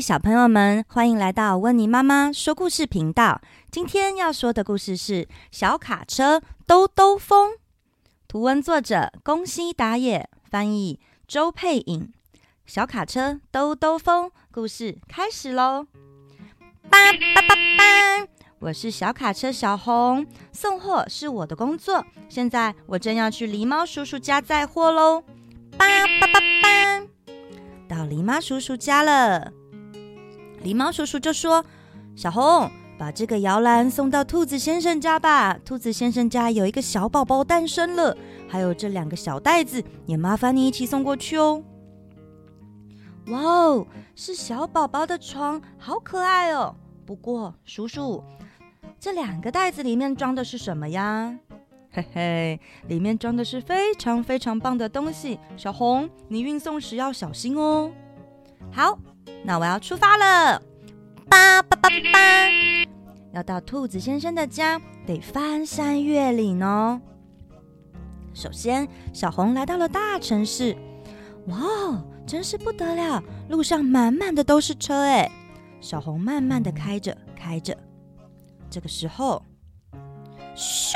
小朋友們，歡迎來到溫妮媽媽說故事頻道。今天要說的故事是《小卡車兜兜風》。圖文作者：宮西達也，翻譯：周佩穎。小卡車兜兜風，故事開始嘍！叭叭叭叭，我是小卡車小紅，送貨是我的工作。現在我正要去狸貓叔叔家載貨嘍！叭叭叭叭，到狸貓叔叔家了。狸貓叔叔就說：“小紅，把這個搖籃送到兔子先生家吧。兔子先生家有一個小寶寶誕生了，還有這兩個小袋子，也麻煩你一起送過去哦。”哇哦，是小寶寶的床，好可愛哦。不過，叔叔，這兩個袋子裡面裝的是什麼呀？嘿嘿，裡面裝的是非常非常棒的東西。小紅，你運送時要小心哦。好，那我要出發了，叭叭叭叭，要到兔子先生的家，得翻山越嶺哦。首先，小紅來到了大城市，哇，真是不得了，路上滿滿的都是車哎。小紅慢慢的開着開着，這個時候，咻，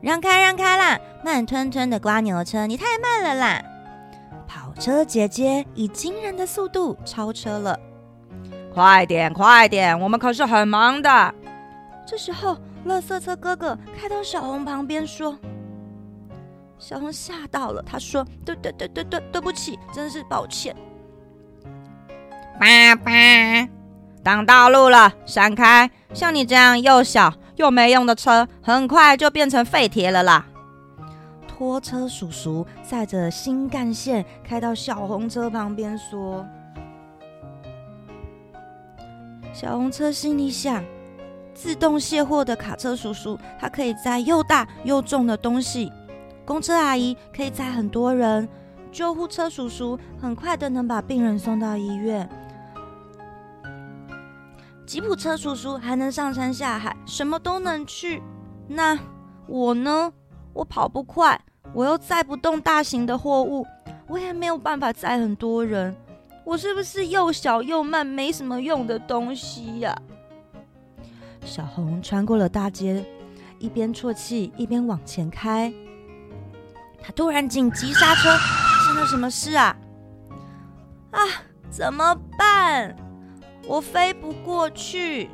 讓開讓開啦，慢吞吞的蝸牛車，你太慢了啦。車姐姐以驚人的速度超車了，快點，快點，我們可是很忙的。這時候，垃圾車哥哥開到小紅旁邊說：“小紅嚇到了，他說：‘對對對對對，對不起，真是抱歉。’爸爸擋道路了，閃開！像你這樣又小又沒用的車，很快就變成廢鐵了啦。”拖車叔叔載着新幹線開到小紅車旁邊，說：“小紅車心裡想，自動卸貨的卡車叔叔，他可以載又大又重的東西；公車阿姨可以載很多人；救護車叔叔很快的能把病人送到醫院；吉普車叔叔還能上山下海，什麼都能去。那我呢？我跑不快。”我又載不動大型的貨物，我也沒有辦法載很多人，我是不是又小又慢，沒什麼用的東西呀，啊？小紅穿過了大街，一邊啜泣一邊往前開。她突然緊急剎車，發生了什麼事啊？啊，怎麼辦？我飛不過去。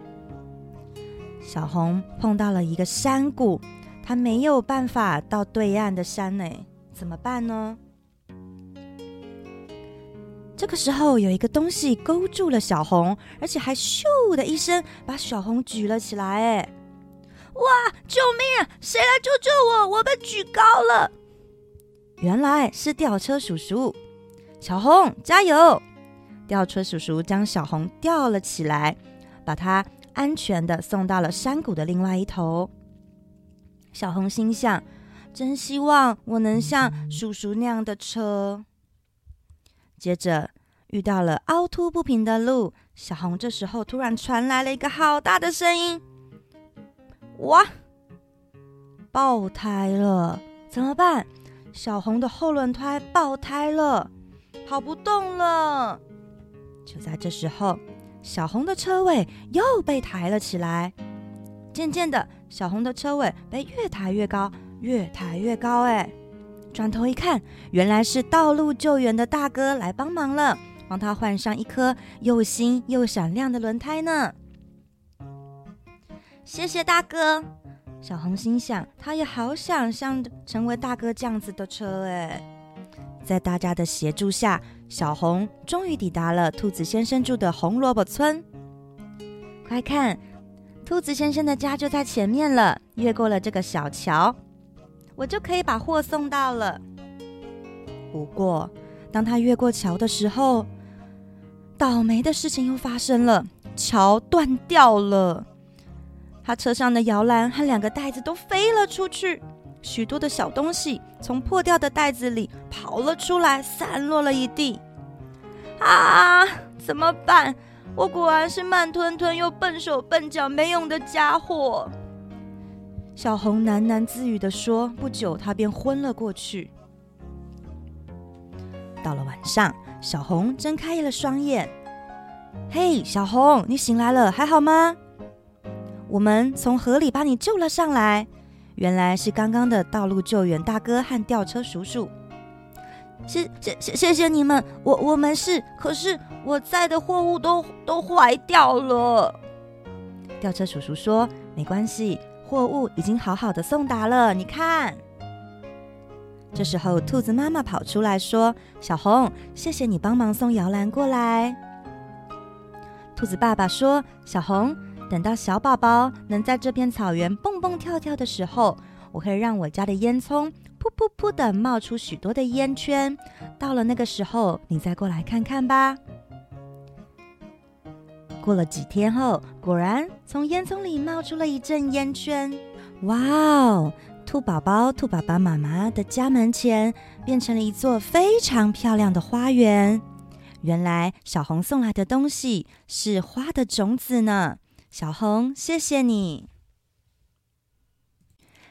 小紅碰到了一個山谷。還沒有辦法到對岸的山呢，怎麼辦呢？這個時候有一個東西勾住了小紅，而且還咻的一聲把小紅舉了起來誒。哇！救命！誰來救救我？我被舉高了。原來是吊車叔叔，小紅加油！吊車叔叔將小紅吊了起來，把她安全地送到了山谷的另外一頭。小紅心想：“真希望我能像叔叔那樣的車。”接着遇到了凹凸不平的路，小紅這時候突然傳來了一個好大的聲音：“哇！爆胎了！怎麼辦？小紅的後輪胎爆胎了，跑不動了。”就在這時候，小紅的車尾又被抬了起來，漸漸的。小紅的車尾被越抬越高，越抬越高。哎，轉頭一看，原來是道路救援的大哥來幫忙了，幫他換上一顆又新又閃亮的輪胎呢。謝謝大哥！小紅心想，他也好想像成為大哥這樣子的車哎。在大家的協助下，小紅終於抵達了兔子先生住的紅蘿蔔村。快看！兔子先生的家就在前面了，越過了這個小橋，我就可以把貨送到了。不過，當他越過橋的時候，倒霉的事情又發生了，橋斷掉了。他車上的搖籃和兩個袋子都飛了出去，許多的小東西從破掉的袋子裡跑了出來，散落了一地。啊，怎麼辦？我果然是慢吞吞又笨手笨腳沒用的傢伙，小紅喃喃自語地說。不久，她便昏了過去。到了晚上，小紅睜開了雙眼。“嘿，小紅，你醒來了，還好嗎？我們從河裡把你救了上來。原來是剛剛的道路救援大哥和吊車叔叔。”謝謝謝謝謝你們，我我沒事，可是我載的貨物都都壞掉了。吊車叔叔說：“沒關係，貨物已經好好的送達了，你看。”這時候，兔子媽媽跑出來說：“小紅，謝謝你幫忙送搖籃過來。”兔子爸爸說：“小紅，等到小寶寶能在這片草原蹦蹦跳跳的時候，我會讓我家的煙囪。”噗噗的冒出許多的煙圈，到了那個時候，你再過來看看吧。過了幾天後，果然從煙囪裡冒出了一陣煙圈。哇哦！兔寶寶、兔爸爸媽媽的家門前變成了一座非常漂亮的花園。原來小紅送來的東西是花的種子呢。小紅，謝謝你。